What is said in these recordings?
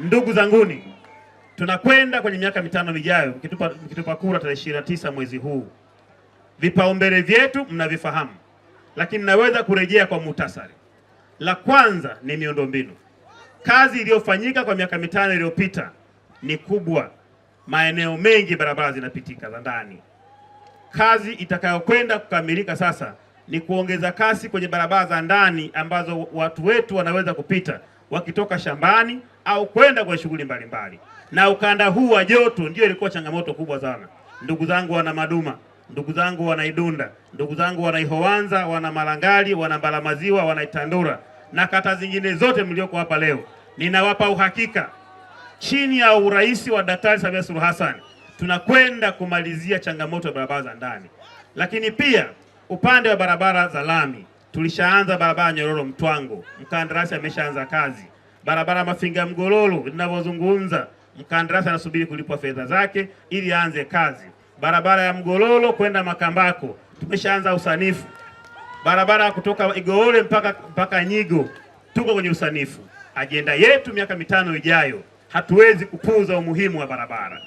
Ndugu zanguni, tunakwenda kwenye miaka mitano mijayo, mkitupa, mkitupa kura tarehe 29 mwezi huu. Vipaumbele vyetu mnavifahamu, lakini naweza kurejea kwa muhtasari. La kwanza ni miundombinu. Kazi iliyofanyika kwa miaka mitano iliyopita ni kubwa, maeneo mengi barabara zinapitika za ndani. Kazi itakayokwenda kukamilika sasa ni kuongeza kasi kwenye barabara za ndani ambazo watu wetu wanaweza kupita wakitoka shambani au kwenda kwenye shughuli mbalimbali, na ukanda huu wa joto ndio ilikuwa changamoto kubwa sana. Ndugu zangu wana Maduma, ndugu zangu wana Idunda, ndugu zangu wana Ihowanza, wana Malangali, wana Mbalamaziwa, wana Itandura na kata zingine zote mlioko hapa leo, ninawapa uhakika chini ya urais wa Daktari Samia Suluhu Hassan tunakwenda kumalizia changamoto ya barabara za ndani, lakini pia upande wa barabara za lami tulishaanza barabara Nyororo Mtwango, mkandarasi ameshaanza kazi. Barabara Mafinga Mgololo, ninavyozungumza mkandarasi anasubiri kulipwa fedha zake ili aanze kazi. Barabara ya Mgololo kwenda Makambako tumeshaanza usanifu. Barabara ya kutoka Igoole mpaka mpaka Nyigo tuko kwenye usanifu. Ajenda yetu miaka mitano ijayo, hatuwezi kupuuza umuhimu wa barabara.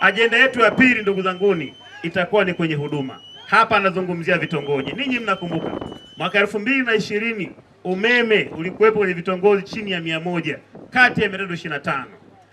Ajenda yetu ya pili, ndugu zanguni, itakuwa ni kwenye huduma hapa anazungumzia vitongoji. Ninyi mnakumbuka mwaka elfu mbili na ishirini umeme ulikuwepo kwenye vitongoji chini ya mia moja kati ya mia tatu ishirini na tano.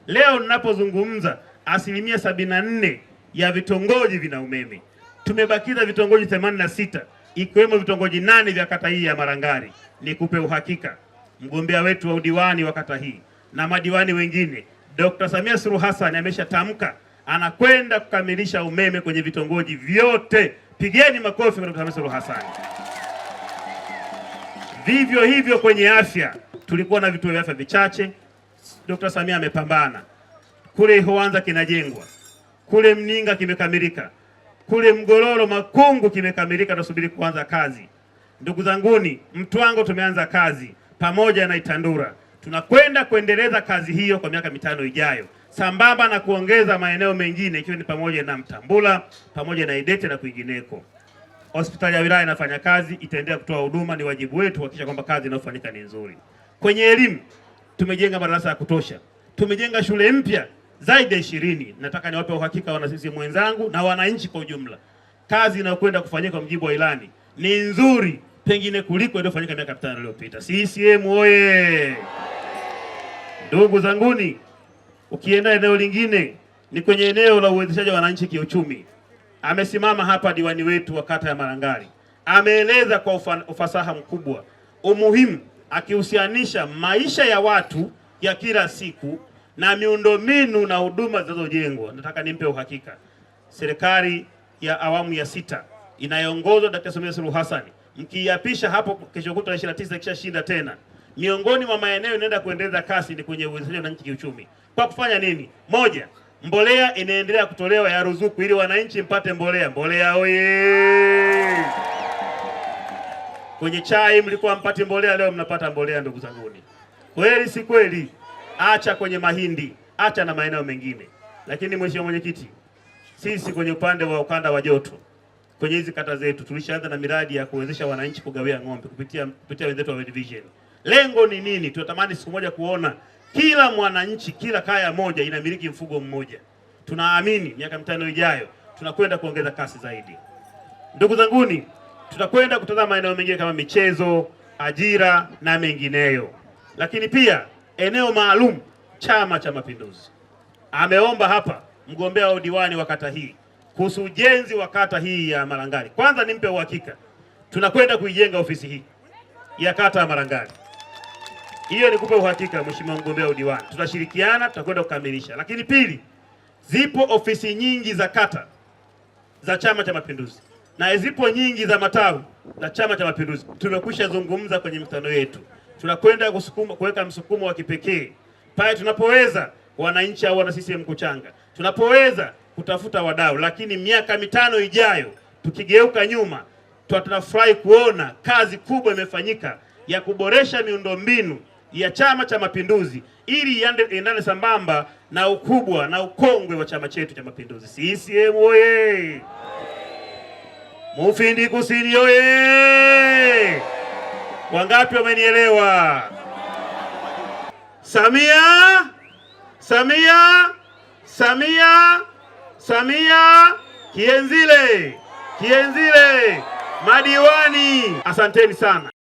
Leo ninapozungumza asilimia sabini na nne ya vitongoji vina umeme. Tumebakiza vitongoji themanini na sita ikiwemo vitongoji nane vya kata hii ya Marangari. Nikupe uhakika mgombea wetu wa udiwani wa kata hii na madiwani wengine, Dr. Samia Suluhu Hassan ameshatamka anakwenda kukamilisha umeme kwenye vitongoji vyote Pigeni makofi kwa Dkt. Samia Suluhu Hassan. Vivyo hivyo kwenye afya, tulikuwa na vituo vya afya vichache. Dkt. Samia amepambana kule Ihoanza kinajengwa, kule Mninga kimekamilika, kule mgororo Makungu kimekamilika, tunasubiri kuanza kazi. Ndugu zanguni, Mtwango tumeanza kazi pamoja na Itandura, tunakwenda kuendeleza kazi hiyo kwa miaka mitano ijayo sambamba na kuongeza maeneo mengine ikiwa ni pamoja na Mtambula pamoja na Idete na kwingineko. Hospitali ya wilaya inafanya kazi, itaendelea kutoa huduma. Ni wajibu wetu kuhakikisha kwamba kazi inayofanyika ni nzuri. Kwenye elimu tumejenga madarasa ya kutosha, tumejenga shule mpya zaidi ya ishirini. Nataka niwape uhakika wana sisi mwenzangu na wananchi kwa ujumla, kazi inayokwenda kufanyika kwa mjibu wa ilani ni nzuri pengine kuliko iliyofanyika miaka mitano iliyopita. CCM oye! Ndugu zanguni Ukienda eneo lingine ni kwenye eneo la uwezeshaji wa wananchi kiuchumi. Amesimama hapa diwani wetu wa kata ya Marangali, ameeleza kwa ufa, ufasaha mkubwa umuhimu akihusianisha maisha ya watu ya kila siku na miundombinu na huduma zinazojengwa. Nataka nimpe uhakika, serikali ya awamu ya sita inayoongozwa Dkt. Samia Suluhu Hassan mkiiapisha hapo kesho kutwa 29 ikishashinda tena miongoni mwa maeneo inaenda kuendeleza kasi ni kwenye uwezeshaji wananchi kiuchumi. Kwa kufanya nini? Moja, mbolea inaendelea kutolewa ya ruzuku ili wananchi mpate mbolea. Mbolea oye! Kwenye chai mlikuwa mpate mbolea, leo mnapata mbolea, ndugu zanguni. Kweli si kweli? Acha kwenye mahindi, acha na maeneo mengine. Lakini mheshimiwa mwenyekiti, sisi kwenye upande wa ukanda wa joto kwenye hizi kata zetu tulishaanza na miradi ya kuwezesha wananchi kugawia ng'ombe kupitia kupitia wenzetu wa Division. Lengo ni nini? Tunatamani siku moja kuona kila mwananchi, kila kaya moja inamiliki mfugo mmoja. Tunaamini miaka mitano ijayo tunakwenda kuongeza kasi zaidi. Ndugu zanguni, tutakwenda kutazama maeneo mengine kama michezo, ajira na mengineyo, lakini pia eneo maalum. Chama cha Mapinduzi ameomba hapa mgombea wa udiwani wa kata hii kuhusu ujenzi wa kata hii ya Marangali. Kwanza nimpe uhakika, tunakwenda kuijenga ofisi hii ya kata ya Marangali. Hiyo nikupe uhakika, mheshimiwa mgombea udiwani, tutashirikiana, tutakwenda kukamilisha. Lakini pili, zipo ofisi nyingi za kata za Chama cha Mapinduzi na zipo nyingi za matawi za Chama cha Mapinduzi. Tumekwisha zungumza kwenye mkutano yetu, tunakwenda kusukuma kuweka msukumo wa kipekee pale tunapoweza, wananchi au wana CCM kuchanga, tunapoweza kutafuta wadau. Lakini miaka mitano ijayo, tukigeuka nyuma, tunafurahi kuona kazi kubwa imefanyika ya kuboresha miundombinu ya Chama cha Mapinduzi ili iendane sambamba na ukubwa na ukongwe wa chama chetu cha Mapinduzi. CCM oye! Mufindi Kusini oye! Wangapi wamenielewa? Samia, Samia, Samia, Samia! Kienzile, Kienzile! Madiwani, asanteni sana.